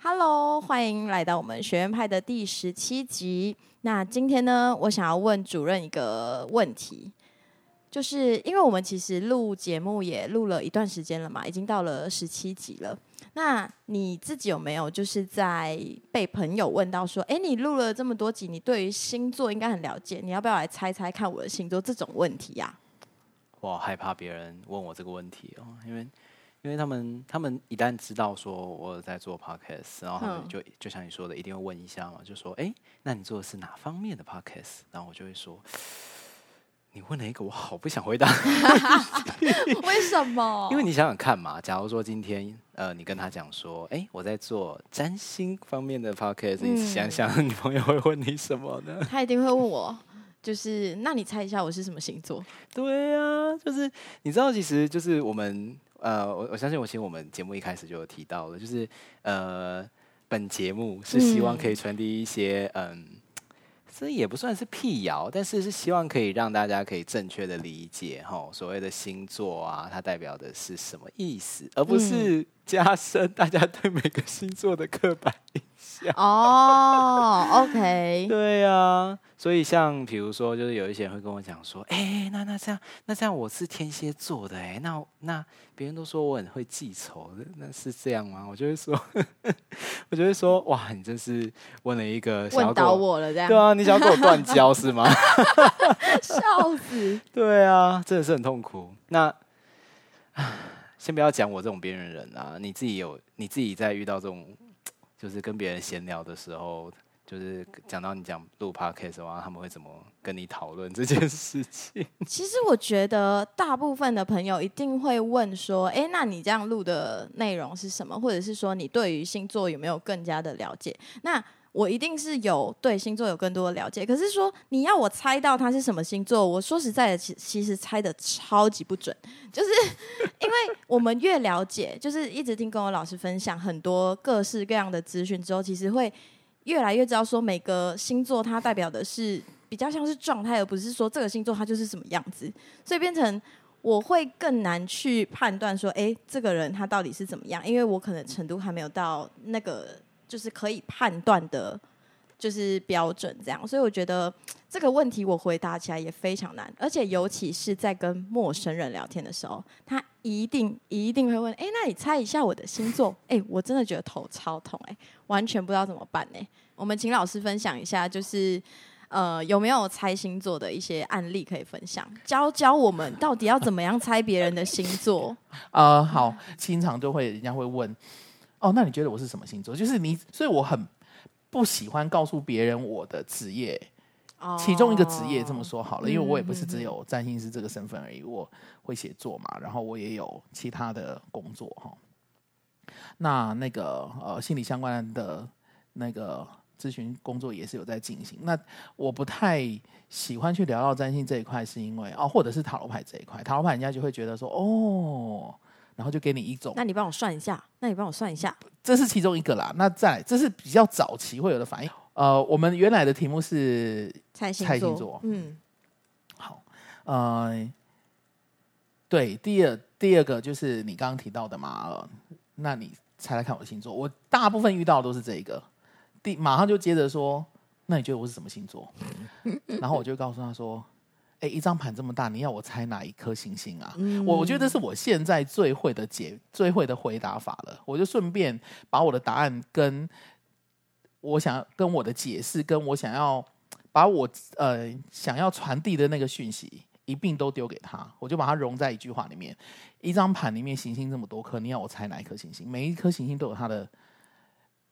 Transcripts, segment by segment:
Hello，歡迎來到我們學院派的第十七集。那今天呢，我想要問主任一個問題，就是因為我們其實錄節目也錄了一段時間了嘛，已經到了十七集了。那你自己有沒有就是在被朋友問到說：“哎，你錄了這麼多集，你對於星座應該很了解，你要不要來猜猜看我的星座？”這種問題呀、啊？我好害怕別人問我這個問題哦，因為。因為他們，他們一旦知道說我在做 podcast，然後他們就就像你說的，一定會問一下嘛，就說：“誒，那你做的是哪方面的 podcast？” 然後我就會說：“你問了一個我好不想回答。” 為什麼？因為你想想看嘛，假如說今天呃，你跟他講說：“誒，我在做占星方面的 podcast、嗯。”你想想，女朋友會問你什麼呢？他一定會問我，就是那你猜一下我是什麼星座？對啊，就是你知道，其實就是我們。呃，我我相信，我其實我們節目一開始就有提到了，就是呃，本節目是希望可以傳遞一些嗯，這、嗯、也不算是闢謠，但是是希望可以讓大家可以正確的理解吼，所謂的星座啊，它代表的是什麼意思，而不是，嗯加深大家對每個星座的刻板印象。哦，OK。 對啊，所以像比如說，就是有一些人會跟我講說：“哎、欸，那那這樣，那這樣我是天蠍座的、欸，哎，那那別人都說我很會記仇的，那是這樣嗎？”我就會說：“ 我就會說，哇，你真是問了一個想要問倒我了，這樣對啊，你想要跟我斷交 是嗎？笑，， 笑死！ 對啊，真的是很痛苦。那 先不要講我這種邊緣人啊！你自己有你自己在遇到這種，就是跟別人閒聊的時候，就是講到你講錄 Podcast 的話，他們會怎麼跟你討論這件事情？其實我覺得大部分的朋友一定會問說，哎、欸，那你這樣錄的內容是什麼？或者是說你對於星座有沒有更加的了解？那我一定是有對星座有更多的了解，可是說你要我猜到他是什麼星座，我說實在的，其其實猜得超級不準。就是因為我們越了解，就是一直聽跟我老師分享很多各式各樣的資訊之後，其實會越來越知道說每個星座它代表的是比較像是狀態，而不是說這個星座它就是什麼樣子，所以變成我會更難去判斷說，哎，這個人他到底是怎麼樣，因為我可能程度還沒有到那個。就是可以判斷的，就是標準這樣，所以我覺得這個問題我回答起來也非常難，而且尤其是在跟陌生人聊天的時候，他一定一定會問：“哎、欸，那你猜一下我的星座？”哎、欸，我真的覺得頭超痛、欸，哎，完全不知道怎麼辦呢、欸。我們請老師分享一下，就是呃有沒有猜星座的一些案例可以分享，教教我們到底要怎麼樣猜別人的星座？ 呃，好，經常就會人家會問。哦，那你覺得我是什麼星座？就是你，所以我很不喜歡告訴別人我的職業。其中一個職業這麼說好了，oh. 因為我也不是只有占星師這個身份而已。我會寫作嘛，然後我也有其他的工作哈。那那個呃，心理相關的那個諮詢工作也是有在進行。那我不太喜歡去聊到占星這一塊，是因為哦，或者是塔羅牌這一塊，塔羅牌人家就會覺得說哦。然後就給你一種，那你幫我算一下，那你幫我算一下，這是其中一個啦。那在這是比較早期會有的反應。呃，我們原來的題目是，猜星座，星座嗯，好，呃，對，第二第二個就是你剛剛提到的嘛，呃，那你猜猜看我的星座？我大部分遇到的都是這一個，第馬上就接着說，那你覺得我是什麼星座？ 然後我就告訴他說。哎，一張盤這麼大，你要我猜哪一顆行星啊？我我覺得這是我現在最會的解、最會的回答法了。我就順便把我的答案跟我想跟我的解釋，跟我想要把我呃想要傳遞的那個訊息一併都丟給他。我就把它融在一句話裡面。一張盤裡面行星這麼多顆，你要我猜哪一顆行星？每一顆行星都有它的。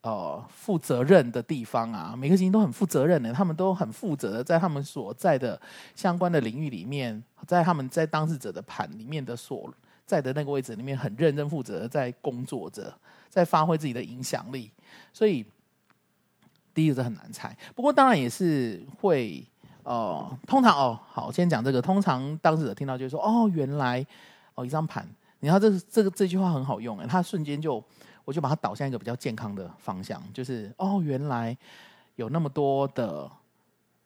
哦，負責任的地方啊，每顆星都很負責任的，他們都很負責在他們所在的相關的領域裡面，在他們在當事者的盤裡面的所在的那個位置裡面，很認真負責在工作着，在發揮自己的影響力。所以第一個是很難猜，不過當然也是會哦、呃，通常哦，好，先講這個，通常當事者聽到就是說，哦，原來哦一張盤，你看這這個這，這句話很好用哎，他瞬間就。我就把它導向一個比較健康的方向，就是哦，原來有那麼多的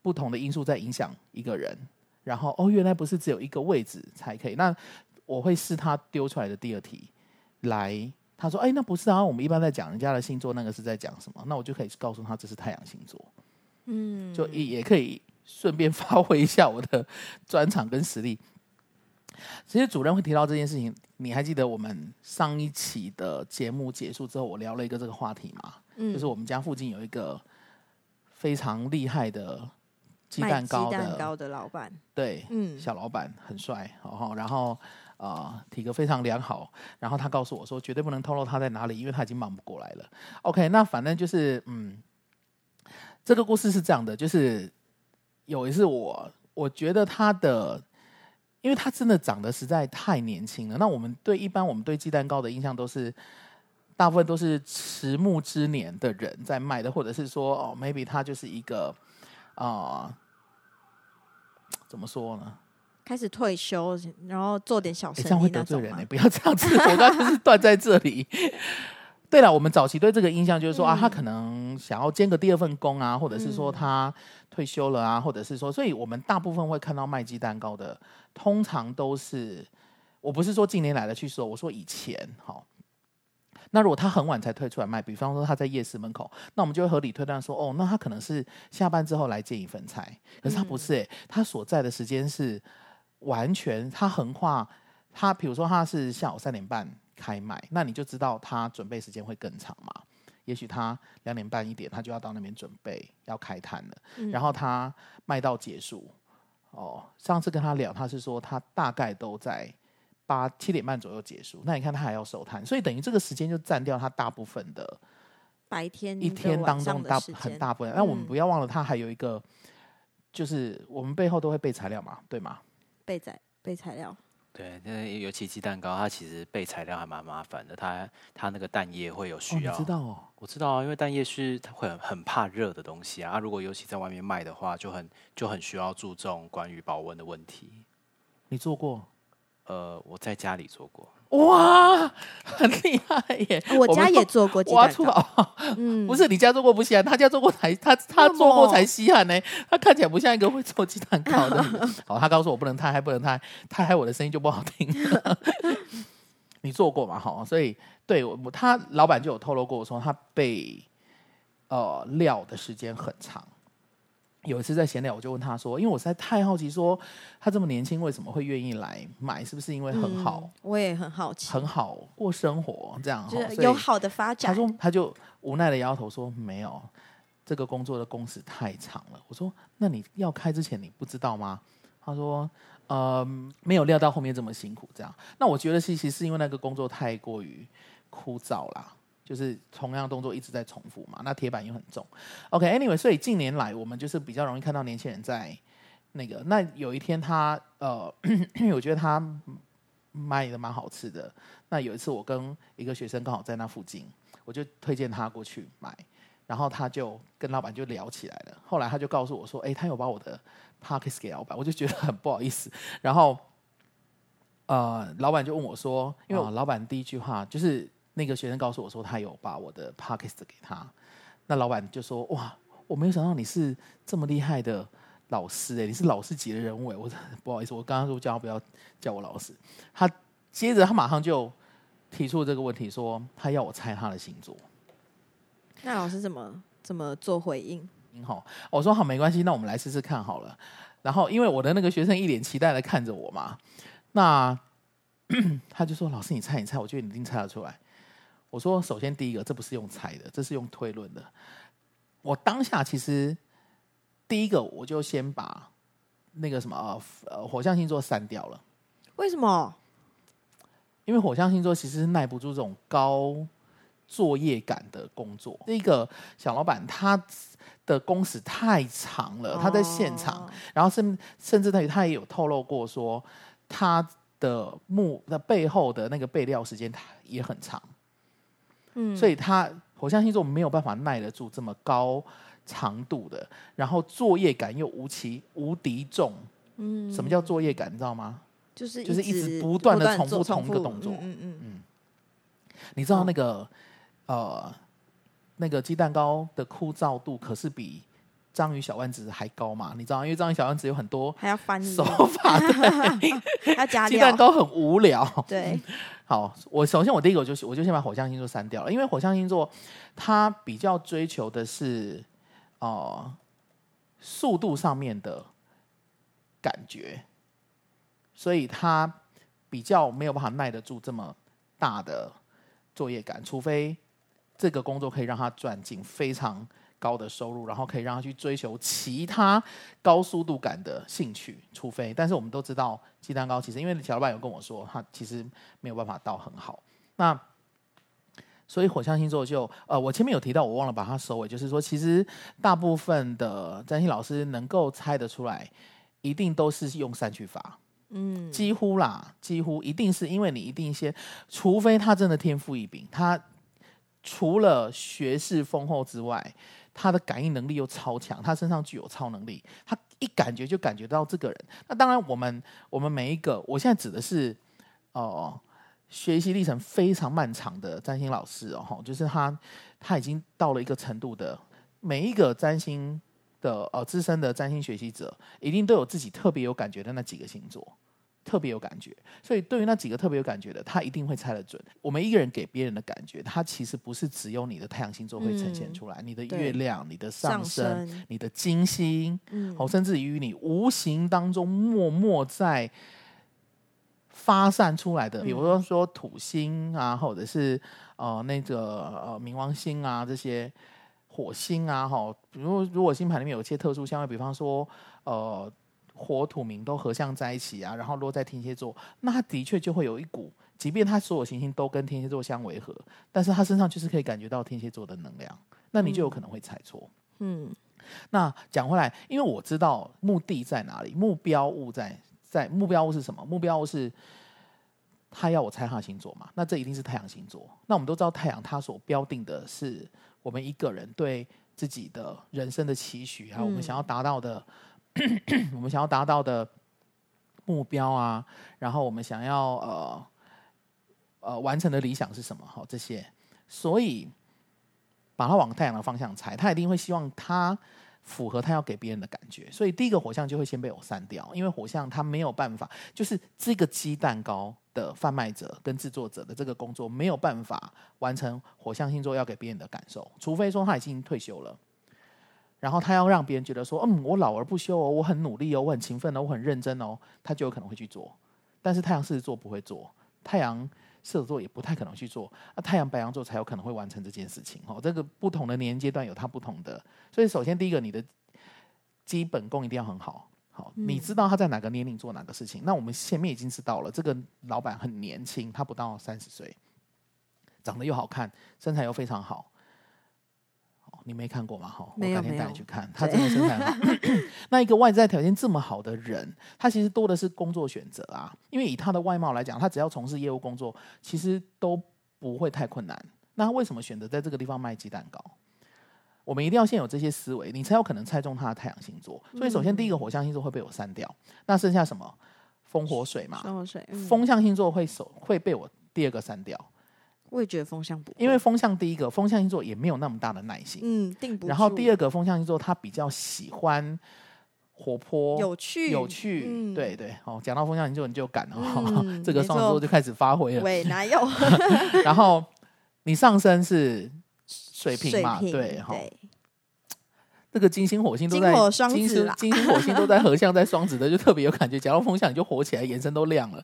不同的因素在影響一個人，然後哦，原來不是只有一個位置才可以。那我會試他丟出來的第二題來，來他說，哎，那不是啊，我們一般在講人家的星座，那個是在講什麼？那我就可以告訴他這是太陽星座，嗯，就也也可以順便發揮一下我的專長跟實力。其實主任會提到這件事情，你還記得我們上一期的節目結束之後，我聊了一個這個話題嗎？嗯，就是我們家附近有一個非常厲害的雞蛋糕的，雞蛋糕的老闆，對，嗯，小老闆很帥，哦，然後然後啊體格非常良好，然後他告訴我說絕對不能透露他在哪裡，因為他已經忙不過來了。OK，那反正就是嗯，這個故事是這樣的，就是有一次我我覺得他的。因為他真的長得實在太年輕了。那我們對一般我們對雞蛋糕的印象都是，大部分都是遲暮之年的人在賣的，或者是說哦，maybe 他就是一個啊、呃，怎麼說呢？開始退休，然後做點小生意，這樣會得罪人、欸。你不要這樣子，我剛剛就是斷在這裡。 對了，我們早期對這個印象就是說啊，他可能想要兼個第二份工啊，或者是說他退休了啊，嗯、或者是說，所以我們大部分會看到賣雞蛋糕的。通常都是，我不是說近年來的去說，我說以前好。那如果他很晚才推出來賣，比方說他在夜市門口，那我們就會合理推斷說，哦，那他可能是下班之後來接一份菜。可是他不是、欸，嗯、哼他所在的時間是完全他橫跨。他比如說他是下午三點半開賣，那你就知道他準備時間會更長嘛。也許他兩點半一點，他就要到那邊準備要開攤了。嗯、然後他賣到結束。哦，上次跟他聊，他是說他大概都在八，七點半左右結束。那你看他還要收攤，所以等於這個時間就占掉他大部分的白天一天當中的大的很大部分。那我們不要忘了，他還有一個，嗯、就是我們背後都會備材料嘛，對嗎？備材，備材料。對，那尤其雞蛋糕，它其實備材料還蠻麻煩的。它它那個蛋液會有需要，我知道哦，我知道啊，因為蛋液是它會很很怕熱的東西啊，啊。如果尤其在外面賣的話，就很就很需要注重關於保溫的問題。你做過？呃，我在家裡做過，哇，很厲害耶！我家也做過雞蛋糕。我我出哦，不是你家做過不稀罕，他家做過才他他做過才稀罕呢。他看起來不像一個人會做雞蛋糕的人。好、 哦，他告訴我不能太，嗨，不能太，太嗨我的聲音就不好聽。 你做過嘛？哈，哦，所以對我他老板就有透露過，說他被呃料的時間很長。有一次在閒聊，我就問他說：“因為我實在太好奇說，說他這麼年輕為什麼會願意來買？是不是因為很好？嗯、我也很好奇，很好過生活這樣，就以有好的發展。”他說：“他就無奈的搖頭說，沒有，這個工作的工時太長了。”我說：“那你要開之前你不知道嗎？”他說：“嗯、呃，沒有料到後面這麼辛苦。”這樣，那我覺得其實是因為那個工作太過於枯燥啦。就是同樣動作一直在重複嘛，那鐵板又很重。OK，anyway，okay，所以近年來我們就是比較容易看到年輕人在那個。那有一天他呃，因為 我覺得他賣的蠻好吃的。那有一次我跟一個學生剛好在那附近，我就推薦他過去買，然後他就跟老板就聊起來了。後來他就告訴我說：“哎，他有把我的 podcast 給老板。”我就覺得很不好意思。然後呃，老板就問我說：“因、呃、為老板第一句話就是。”那個學生告訴我說，他有把我的 podcast 給他。那老闆就說：“哇，我沒有想到你是這麼厲害的老師誒，你是老師級的人物誒。我不好意思，我剛剛說叫他不要叫我老師。”他接着，他馬上就提出這個問題，說他要我猜他的星座。那老師怎麼怎麼做回應？您好，我說好，沒關係，那我們來試試看好了。然後因為我的那個學生一臉期待的看着我嘛，那他就說：“老師，你猜，你猜，我覺得你一定猜得出來。”我說：首先，第一個，這不是用猜的，這是用推論的。我當下其實第一個，我就先把那個什麼呃火象星座刪掉了。為什麼？因為火象星座其實耐不住這種高作業感的工作。第一個小老板他的工時太長了，他在現場，哦、然後甚甚至他他也有透露過說，他的幕那背後的那個備料時間他也很長。所以，他火象星座沒有辦法耐得住這麼高長度的，然後作業感又無奇無敵重。嗯、什麼叫作業感？你知道嗎？就是就是一直不斷的重複，重複同一個動作。嗯嗯嗯，嗯，你知道那個、嗯、呃，那個雞蛋糕的枯燥度可是比。章魚小丸子還高嘛？你知道嗎？因為章魚小丸子有很多手法，還要的對 要加雞蛋糕很無聊。對，好，我首先我的第一個我就我就先把火象星座刪掉了，因為火象星座他比較追求的是哦、呃、速度上面的感覺，所以他比較沒有辦法耐得住這麼大的作業感，除非這個工作可以讓他賺進非常。高的收入，然後可以讓他去追求其他高速度感的興趣，除非……但是我們都知道，雞蛋糕其實，因為小老闆有跟我說，他其實沒有辦法到很好。那所以，火象星座就……呃，我前面有提到，我忘了把它收尾，就是說，其實大部分的占星老師能夠猜得出來，一定都是用三去法，嗯，幾乎啦，幾乎一定是因為你一定先，除非他真的天賦異禀，他除了學識豐厚之外。他的感應能力又超強，他身上具有超能力，他一感覺就感覺到這個人。那當然，我們我們每一個，我現在指的是哦、呃，學習歷程非常漫長的占星老師哦，就是他他已經到了一個程度的，每一個占星的哦、呃，資深的占星學習者，一定都有自己特別有感覺的那幾個星座。特別有感覺，所以對於那幾個特別有感覺的，他一定會猜得準。我們一個人給別人的感覺，他其實不是只有你的太陽星座會呈現出來，嗯、你的月亮、對你的上升、上升你的金星，好、嗯，甚至於你無形當中默默在發散出來的，嗯、比如說說土星啊，或者是呃那個呃冥王星啊，這些火星啊，吼。比如說如果星盤裡面有一些特殊相位，比方說呃。火土冥都合相在一起啊，然後落在天蠍座，那他的確就會有一股，即便他所有行星都跟天蠍座相為合，但是他身上就是可以感覺到天蠍座的能量，那你就有可能會猜錯。嗯，那講回來，因為我知道目的在哪裡，目標物在在目標物是什麼？目標物是他要我猜他星座嘛？那這一定是太陽星座。那我們都知道太陽，它所標定的是我們一個人對自己的人生的期許啊，嗯、還有我們想要達到的。 我們想要達到的目標啊，然後我們想要呃呃完成的理想是什麼？好，這些，所以把它往太陽的方向猜，他一定會希望他符合他要給別人的感覺。所以第一個火象就會先被我刪掉，因為火象他沒有辦法，就是這個雞蛋糕的販賣者跟製作者的這個工作沒有辦法完成火象星座要給別人的感受，除非說他已經退休了。然後他要讓別人覺得說，嗯，我老而不休哦，我很努力哦，我很勤奮哦，我很認真哦，他就有可能會去做。但是太陽獅子座不會做，太陽射手座也不太可能去做，那、啊、太陽白羊座才有可能會完成這件事情哦。這個不同的年齡階段有他不同的，所以首先第一個，你的基本功一定要很好，好，你知道他在哪個年齡做哪個事情。嗯、那我們前面已經知道了，這個老板很年輕，他不到三十歲，長得又好看，身材又非常好。你沒看過嗎？好有，我改天帶你去看。有他真的是太好。那一個外在條件這麼好的人，他其實多的是工作選擇啊。因為以他的外貌來講，他只要從事業務工作，其實都不會太困難。那他為什麼選擇在這個地方賣雞蛋糕？我們一定要先有這些思維，你才有可能猜中他的太陽星座。所以，首先第一個火象星座會被我刪掉。嗯、那剩下什麼？風火水嘛。風火水。嗯、風象星座會受會被我第二個刪掉。我也覺得風向不，因為風向第一個，風象星座也沒有那麼大的耐心。嗯，定不住。然後第二個，風象星座他比較喜歡活潑、有趣、有趣。嗯、對對，哦，講到風象你就你就敢了、嗯哦，這個雙子座就開始發揮了。對，哪有？ 然後你上升是水平嘛？平，對，哦、對。這個金星火星都在雙子，金星火星都在合相，在雙子的就特別有感覺。講到風象你就火起來，眼神都亮了。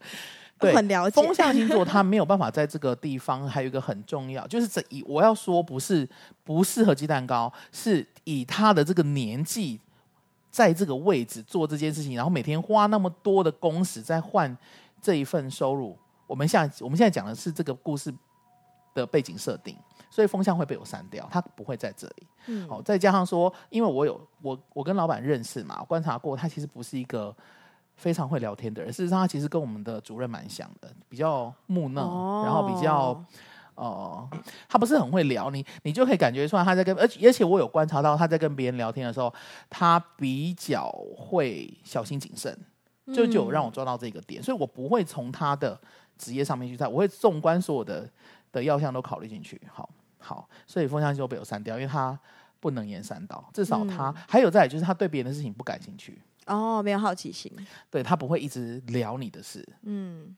對很了解。風象星座他沒有辦法在這個地方， 還有一個很重要，就是這以我要說不是不適合雞蛋糕，是以他的這個年紀，在這個位置做這件事情，然後每天花那麼多的工時在換這一份收入。我們現我們現在講的是這個故事的背景設定，所以風象會被我刪掉，他不會在這裡。好、嗯，再加上說，因為我有我我跟老闆認識嘛，觀察過他其實不是一個。非常會聊天的人，事實上他其實跟我們的主任蠻像的，比較木訥，哦、然後比較哦、呃，他不是很會聊。你你就可以感覺出來他在跟，而且而且我有觀察到他在跟別人聊天的時候，他比較會小心謹慎，就就有讓我抓到這個點。嗯、所以我不會從他的職業上面去猜，我會縱觀所有的的要項都考慮進去。好，好，所以風象就被我刪掉，因為他不能言善道，至少他、嗯、還有再來，就是他對別人的事情不感興趣。哦，oh, 沒有好奇心。對，他不會一直聊你的事。嗯，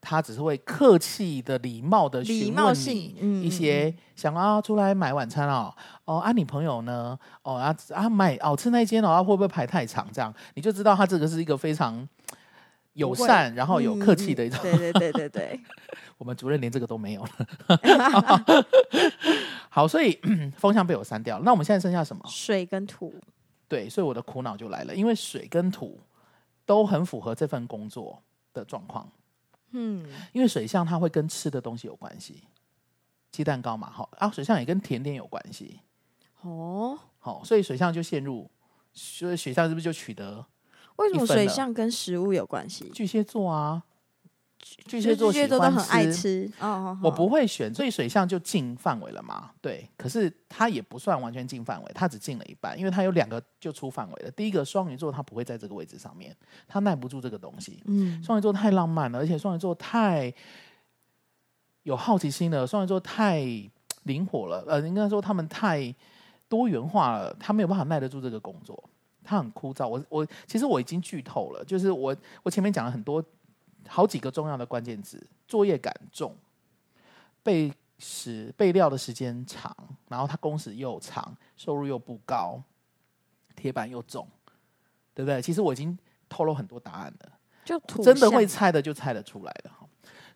他只是會客氣的、禮貌的、禮貌性嗯一些嗯想啊，出來買晚餐哦，哦啊，你朋友呢？哦啊啊，買哦、啊、吃那一間哦、啊，會不會排太長？這樣你就知道他這個是一個非常友善，會然後有客氣的一種。嗯、對對對對對， 我們主任連這個都沒有了。 好, 好，所以 風向被我刪掉。那我們現在剩下什麼？水跟土。對，所以我的苦惱就來了，因為水跟土都很符合這份工作的狀況，嗯，因為水象它會跟吃的東西有關係，雞蛋糕嘛，哈啊，水象也跟甜點有關係，哦，好，所以水象就陷入，所以水象是不是就取得？為什麼水象跟食物有關係？巨蟹座啊。巨蟹座喜歡吃，巨蟹座都很愛吃哦，我不會選，所以水象就進範圍了嘛。對，可是他也不算完全進範圍，他只進了一半，因為他有兩個就出範圍了。第一個雙魚座，他不會在這個位置上面，他耐不住這個東西。嗯，雙魚座太浪漫了，而且雙魚座太有好奇心了，雙魚座太靈活了。呃，應該說他們太多元化了，他沒有辦法耐得住這個工作，他很枯燥。我我其實我已經劇透了，就是我我前面講了很多。好幾個重要的關鍵字：作業感重、備時備料的時間長，然後他工時又長，收入又不高，鐵板又重，對不對？其實我已經透露很多答案了，就真的會猜的就猜得出來了。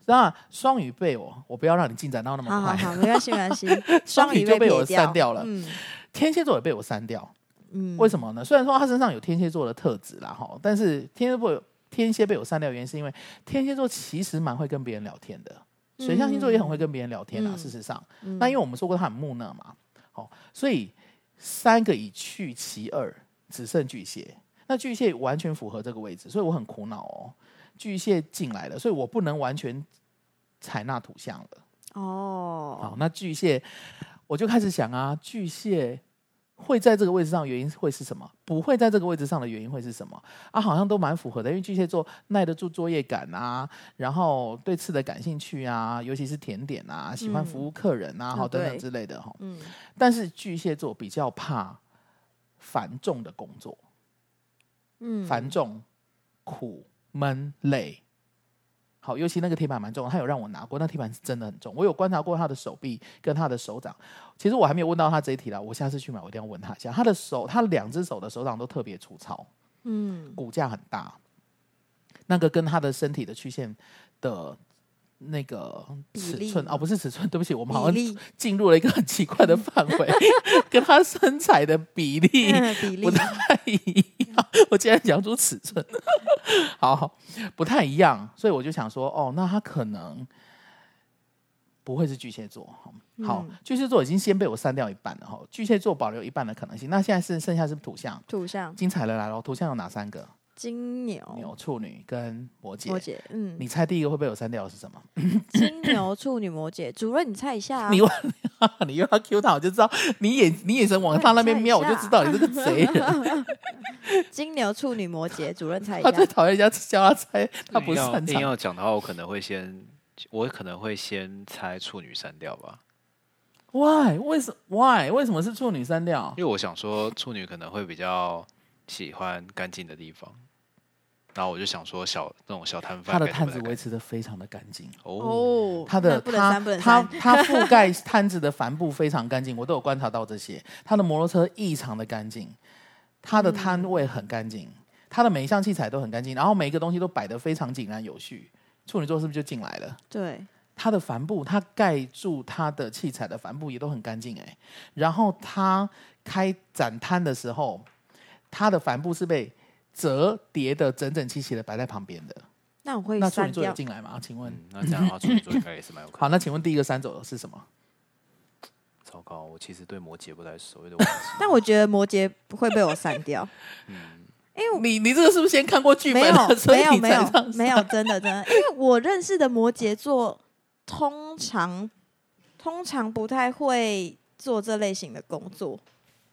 那雙魚被我，我不要讓你進展到那麼快，好，好，好，沒關係，沒關係。 雙魚就被我刪掉了，嗯，天蠍座也被我刪掉，嗯，為什麼呢？雖然說他身上有天蠍座的特質啦，但是天蠍座。天蠍被我刪掉，原因是因為天蠍座其實蠻會跟別人聊天的，水象星座也很會跟別人聊天啊。嗯、事實上，嗯、那因為我們說過他很木訥嘛，好，所以三個已去其二，只剩巨蟹。那巨蟹完全符合這個位置，所以我很苦惱哦。巨蟹進來了，所以我不能完全採納土象了。哦，好，那巨蟹，我就開始想啊，巨蟹，會在這個位置上，原因會是什麼？不會在這個位置上的原因會是什麼？啊，好像都蠻符合的，因為巨蟹座耐得住作業感啊，然後對吃的感興趣啊，尤其是甜點啊，喜歡服務客人啊，嗯、好等等之類的哈。嗯，但是巨蟹座比較怕繁重的工作，嗯，繁重、苦、悶、累。好，尤其那個鐵板蠻重，他有讓我拿過，那鐵板是真的很重。我有觀察過他的手臂跟他的手掌，其實我還沒有問到他這一題了。我下次去買，我一定要問他一下。他的手，他兩隻手的手掌都特別粗糙，嗯，骨架很大，那個跟他的身體的曲線的，那個尺寸，比例，哦，不是尺寸，對不起，我們好像進入了一個很奇怪的範圍，比例，跟他身材的比例、呃、比例不太一樣。我竟然講出尺寸。 好，不太一樣，所以我就想說，哦，那他可能不會是巨蟹座，嗯、好，巨蟹座已經先被我刪掉一半了，哈、哦，巨蟹座保留一半的可能性，那現在是剩下是不是土象，土象，精彩的來了，土象有哪三個？金牛、牛、處女跟摩羯，摩羯，嗯，你猜第一個會被我刪掉的是什麼？金牛、處女、摩羯，主任，你猜一下啊， 你問，你又要 Q 他，我就知道你眼，你眼神往他那邊瞄，我就知道你是個賊人。金牛、處女、摩羯，主任猜一下。他，他最討厭人家叫他猜，他不是很一定要講的話，我可能會先，我可能會先猜處女刪掉吧。Why？為什 Why 為什麼是處女刪掉？因為我想說，處女可能會比較喜歡乾淨的地方。然後我就想說小，小那種小攤販，他的攤子維持得非常的乾淨哦，他、oh, 的他他他覆蓋攤子的帆布非常乾淨，我都有觀察到這些。他的摩托車異常的乾淨，他的攤位很乾淨，他的每一項器材都很乾淨，然後每一個東西都擺得非常井然有序。處女座是不是就進來了？對，他的帆布，他蓋住他的器材的帆布也都很乾淨哎。然後他開展攤的時候，他的帆布是被。折疊的整整齊齊的擺在旁邊的，那我會刪掉，那處女座要進來嗎？請問、嗯、那這樣的話，處女座應該也是蠻有可能 好，那請問第一個刪走的是什麼？糟糕，我其實對摩羯不太熟，對，但 我覺得摩羯不會被我刪掉。 嗯，因、欸、你你這個是不是先看過劇本？ 沒有沒有沒有沒有，真的真的，因為我認識的摩羯座通常通常不太會做這類型的工作。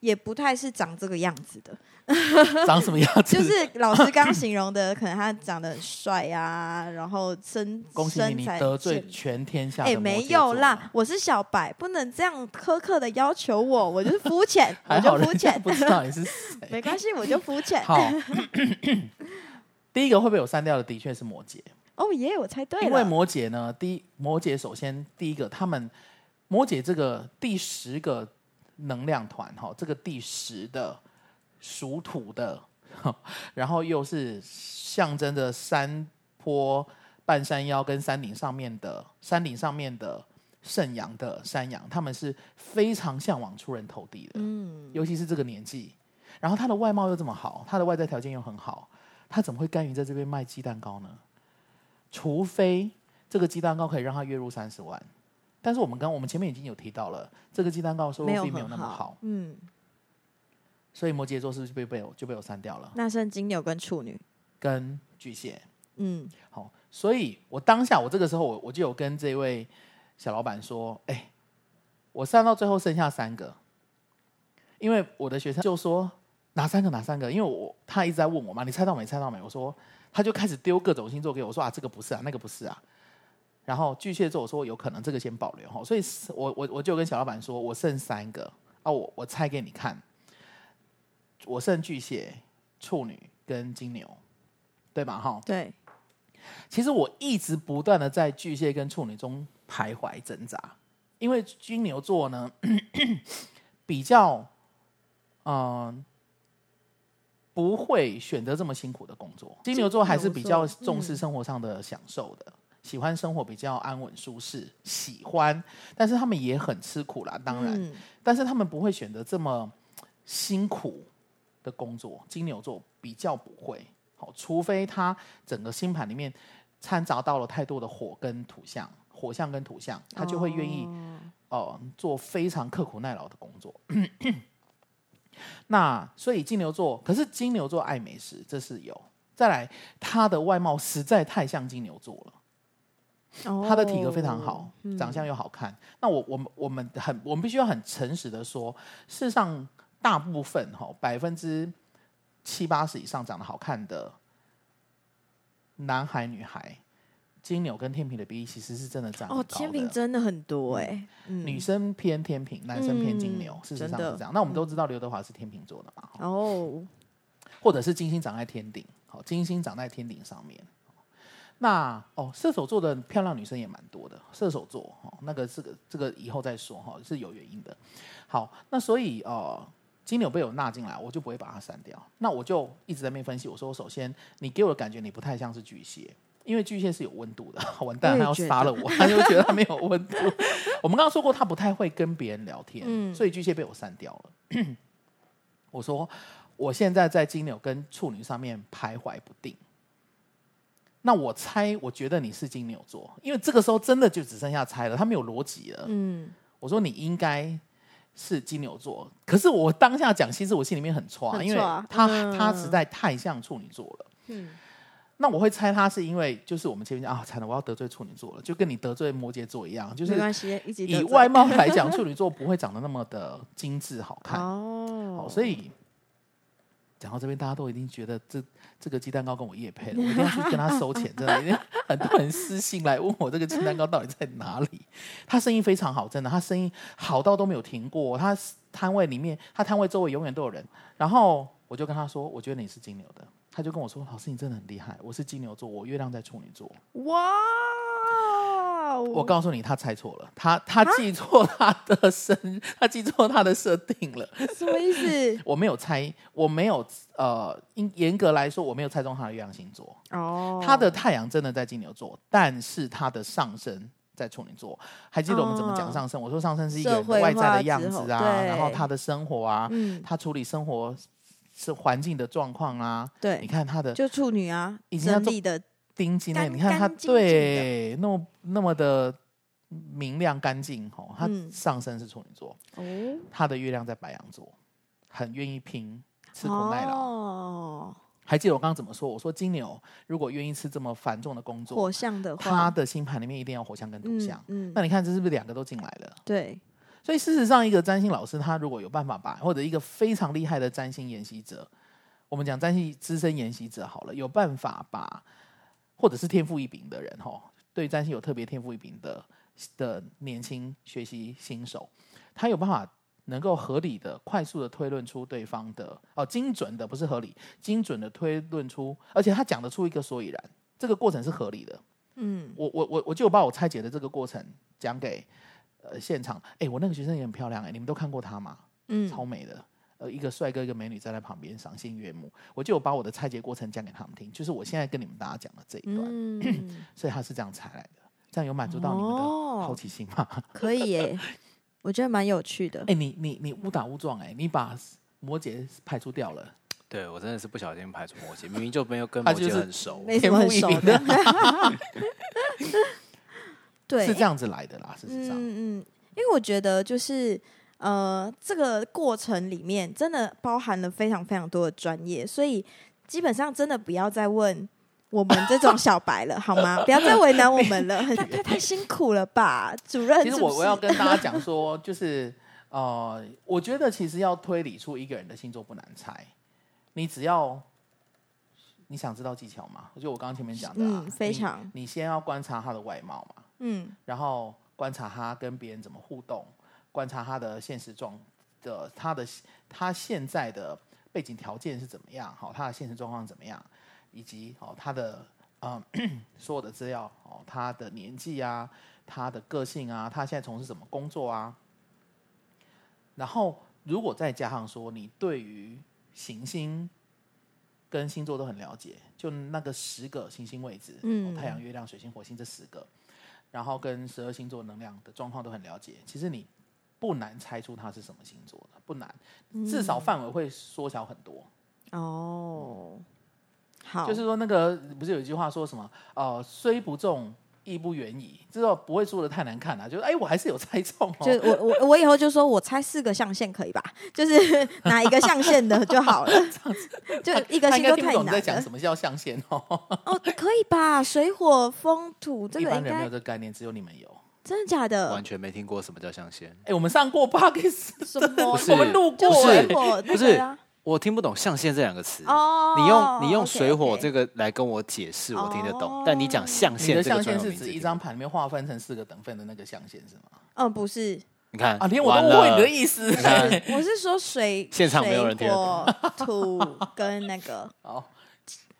也不太是長這個樣子的， 長什麼樣子？就是老師剛形容的， 可能他長得很帥啊，然後身，恭喜你身材你得罪全天下的。也、欸、沒有啦，我是小白，不能這樣苛刻的要求我，我就是膚淺，我就膚淺。不知道你是誰，沒關係，我就膚淺。 好，咳咳，第一個會被我刪掉的，的確是摩羯。哦耶，我猜對了。因為摩羯呢，第一，摩羯首先第一個，他們摩羯這個第十個。能量團哈、哦，這個第十的屬土的，然後又是象徵着山坡、半山腰跟山頂上面的山頂上面的聖陽的山羊，他們是非常向往出人頭地的，嗯、尤其是這個年紀，然後他的外貌又這麼好，他的外在條件又很好，他怎麼會甘於在這邊賣雞蛋糕呢？除非這個雞蛋糕可以讓他月入三十萬。但是我們剛，我們前面已經有提到了，這個雞蛋糕說並沒，沒有那麼好，嗯，所以摩羯座是不是被就被我、就被我刪掉了？那剩金牛跟處女跟巨蟹，嗯，好，所以我當下我這個時候我我就有跟這位小老闆說，哎，我刪到最後剩下三個，因為我的學生就說哪三個、哪三個，因為我他一直在問我嘛，你猜到沒猜到沒？我說他就開始丟各種星座給我，我說，啊，這個不是啊，那個不是啊。然後巨蟹座我說有可能這個先保留，所以我我我就跟小老板說，我剩三個啊，我我猜給你看，我剩巨蟹、處女跟金牛，對吧？哈，對。其實我一直不斷的在巨蟹跟處女中徘徊掙扎，因為金牛座呢呵呵比較嗯、呃、不會選擇這麼辛苦的工作，金牛座還是比較重視生活上的享受的。喜歡生活比較安穩舒適，喜歡，但是他們也很吃苦啦。當然，嗯、但是他們不會選擇這麼辛苦的工作。金牛座比較不會，好、哦，除非他整個星盤裡面摻雜到了太多的火跟土象，火象跟土象，他就會願意哦、呃、做非常刻苦耐勞的工作。咳咳那所以金牛座，可是金牛座愛美食，這是有。再來，他的外貌實在太像金牛座了。他的體格非常好，哦嗯、長相又好看。那我、我們、我們很，我們必須要很誠實的說，世上，大部分哈、哦，百分之七八十以上長得好看的男孩、女孩，金牛跟天秤的比例其實是真的這哦。天秤真的很多哎，嗯嗯、女生偏天秤，男生偏金牛，嗯、事實上是這樣。的那我們都知道劉德華是天秤座的嘛？哦，或者是金星長在天頂，好，金星長在天頂上面。那哦，射手座的漂亮女生也蠻多的。射手座哈、哦，那個這個這個以後再說哈、哦，是有原因的。好，那所以哦、呃，金牛被我納進來，我就不會把它刪掉。那我就一直在那邊分析，我說我首先你給我的感覺，你不太像是巨蟹，因為巨蟹是有溫度的。完蛋，他要殺了我，他就覺得他沒有溫度。 我們剛剛說過，他不太會跟別人聊天，嗯、所以巨蟹被我刪掉了。 我說我現在在金牛跟處女上面徘徊不定。那我猜，我覺得你是金牛座，因為這個時候真的就只剩下猜了，他沒有邏輯了。嗯，我說你應該是金牛座，可是我當下講其實我心裡面很挫，因為他他、嗯、實在太像處女座了。嗯，那我會猜他是因為就是我們前面講啊，慘了，我要得罪處女座了，就跟你得罪摩羯座一樣，就是以外貌來講，處女座不會長得那麼的精緻好看哦，好，所以。講到這邊，大家都已經覺得這這個雞蛋糕跟我業配了，我一定要去跟他收錢。真的，因為很多人私信來問我這個雞蛋糕到底在哪裡。他生意非常好，真的，他生意好到都沒有停過。他攤位裡面，他攤位周圍永遠都有人。然後我就跟他說，我覺得你是金牛的。他就跟我說，老師你真的很厲害。我是金牛座，我月亮在處女座。哇！我告訴你，他猜錯了，他他記錯他的身，蛤他記錯他的設定了。什麼意思？ 我沒有猜，我沒有呃，應嚴格來說，我沒有猜中他的月亮星座哦。他的太陽真的在金牛座，但是他的上升在處女座。還記得我們怎麼講上升？哦、我說上升是一個外在的樣子啊，後然後他的生活啊，嗯、他處理生活是環境的狀況啊。對，你看他的就處女啊，整體丁金內，乾你看他淨淨對那麼那麼的明亮乾淨哈、哦，他上升是處女座，嗯哦、他的月亮在白羊座，很願意拼，吃苦耐勞。哦、還記得我剛剛怎麼說？我說金牛如果願意吃這麼繁重的工作，火象的話，他的星盤裡面一定要火象跟土象。嗯嗯、那你看這是不是兩個都進來了？對，所以事實上，一個占星老師他如果有辦法把，或者一個非常厲害的占星研習者，我們講占星資深研習者好了，有辦法把。或者是天賦異稟的人哦，對占星有特別天賦異稟的的年輕學習新手，他有辦法能夠合理的、快速的推論出對方的哦，精準的不是合理，精準的推論出，而且他講得出一個所以然，這個過程是合理的。嗯，我我我我就有把我拆解的這個過程講給呃現場，哎、欸，我那個學生也很漂亮哎、欸，你們都看過她嗎？嗯，超美的。一個帥哥，一個美女站在，在旁邊，賞心悅目。我就有把我的拆解過程講給他們聽，就是我現在跟你們大家講的這一段，嗯， 所以他是這樣拆來的，這樣有滿足到，哦，你們的好奇心嗎？可以耶，我覺得蠻有趣的。哎、欸，你你你誤打誤撞哎，你把摩羯排除掉了，對我真的是不小心排除摩羯，明明就沒有跟摩羯很熟，沒什麼很熟的，的 對，是這樣子來的啦。事實上，嗯嗯，因為我覺得就是。呃，這個過程裡面真的包含了非常非常多的專業，所以基本上真的不要再問我們這種小白了， 好嗎？不要再為難我們了，太 太辛苦了吧， 主任。其實我我要跟大家講說， 就是呃，我覺得其實要推理出一個人的星座不難猜，你只要你想知道技巧嗎，就我剛剛前面講的、啊嗯，非常你，你先要觀察他的外貌嘛，嗯，然後觀察他跟別人怎麼互動。觀察他的現實狀的，他的他現在的背景條件是怎麼樣？好，他的現實狀況怎麼樣？以及哦，他的啊、嗯、所有的資料哦，他的年紀啊，他的個性啊，他現在從事什麼工作啊？然後，如果再加上說，你對於行星跟星座都很了解，就那個十個行星位置，嗯、太陽、月亮、水星、火星這十個，然後跟十二星座能量的狀況都很了解，其實你。不難猜出他是什麼星座的，不難，至少範圍會縮小很多。哦，好，就是說那個不是有一句話說什麼？哦、呃，雖不中，亦不遠矣，就是不會做的太難看啊。就哎、欸，我還是有猜中哦，就我我我以後就說我猜四個象限可以吧， 就是哪一個象限的就好了。 這樣子，他應該聽不懂你在講什麼叫象限哦？ 哦，可以吧？水火風土這個應該沒有這個概念，只有你們有。真的假的？完全沒聽過什麼叫象限。哎，我們上過 Parks 真的，我們路過不是我聽不懂象限這兩個詞。哦，你用你用水火這個來跟我解釋，我聽得懂。但你講象限這個專有名詞，你的象限是指一張盤，裡面劃分成四個等份的那個象限是嗎？嗯，不是。你看，啊，連我都誤會你的意思。我是說水、有人水火土跟那個。哦，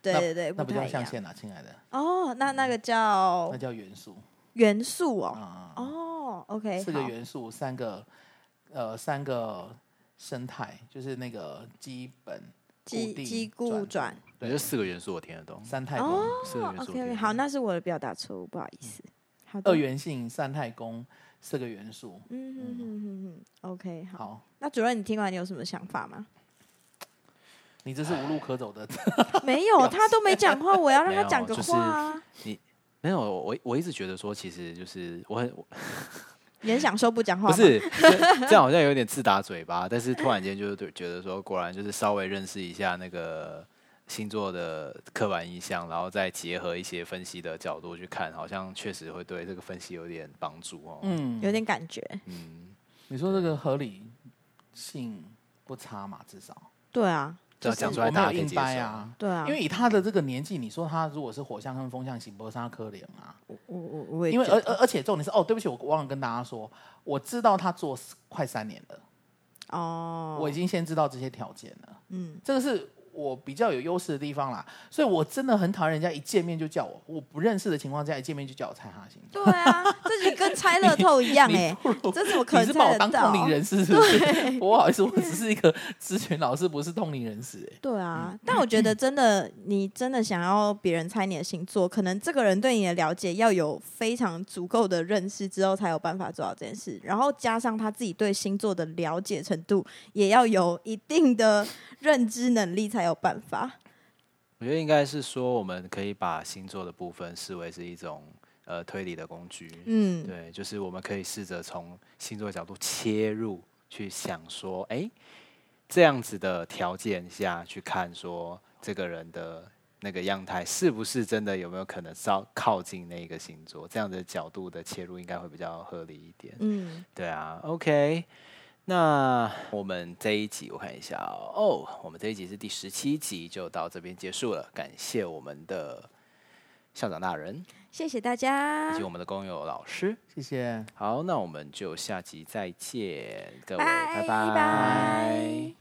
對對對，那不叫象限啊，親愛的。哦，那那個叫那叫元素。元素哦，哦，OK，四個元素，三個呃，三個生態，就是那個基本，基基固轉，對，四個元素我聽得懂，三太公，四個元素，OK，好，那是我的表達錯誤，不好意思。二元性，三太公，四個元素，嗯嗯嗯嗯嗯，OK，好。那主任，你聽完你有什麼想法嗎？你這是無路可走的。沒有，他都沒講話，我要讓他講個話啊。你。沒有我，我一直覺得說，其實就是我很，我很享受不講話，不是這樣，好像有點自打嘴巴。但是突然間就是覺得說，果然就是稍微認識一下那個星座的刻板印象，然後再結合一些分析的角度去看，好像確實會對這個分析有點幫助哦。嗯，有點感覺。嗯，你說這個合理性不差嘛？至少對啊。對就是、講出來，那、應該啊、大家可以接受啊，對啊，因為以他的這個年紀，你說他如果是火象跟風象型，行不是他可憐啊，我我我也因為而而而且重點是，哦，對不起，我忘了跟大家說，我知道他做快三年了，哦，我已經先知道這些條件了，嗯，這個是。我比較有優勢的地方啦，所以我真的很討厭人家一見面就叫我，我不認識的情況下一見面就叫我猜他星座。對啊，這是跟猜樂透一樣哎、欸， 這怎麼可能，你是把我當通靈人士是不是？對我不好意思，我只是一個諮詢老師，不是通靈人士、欸。對啊，嗯、但我覺得真的，你真的想要別人猜你的星座， 可能這個人對你的了解要有非常足夠的認識之後，才有辦法做到這件事。然後加上他自己對星座的了解程度，也要有一定的認知能力才，沒有辦法，我覺得應該是說，我們可以把星座的部分視為是一種呃推理的工具。嗯，對，就是我們可以試着從星座的角度切入去想說，哎，這樣子的條件下去看，說這個人的那個樣態是不是真的有沒有可能稍靠近那一個星座？這樣的角度的切入應該會比較合理一點。嗯，對啊，OK。那我們這一集我看一下哦，oh, 我們這一集是第十七集，就到這邊結束了。感謝我們的校長大人，謝謝大家，以及我們的工友老師，謝謝。好，那我們就下集再見，各位，拜拜。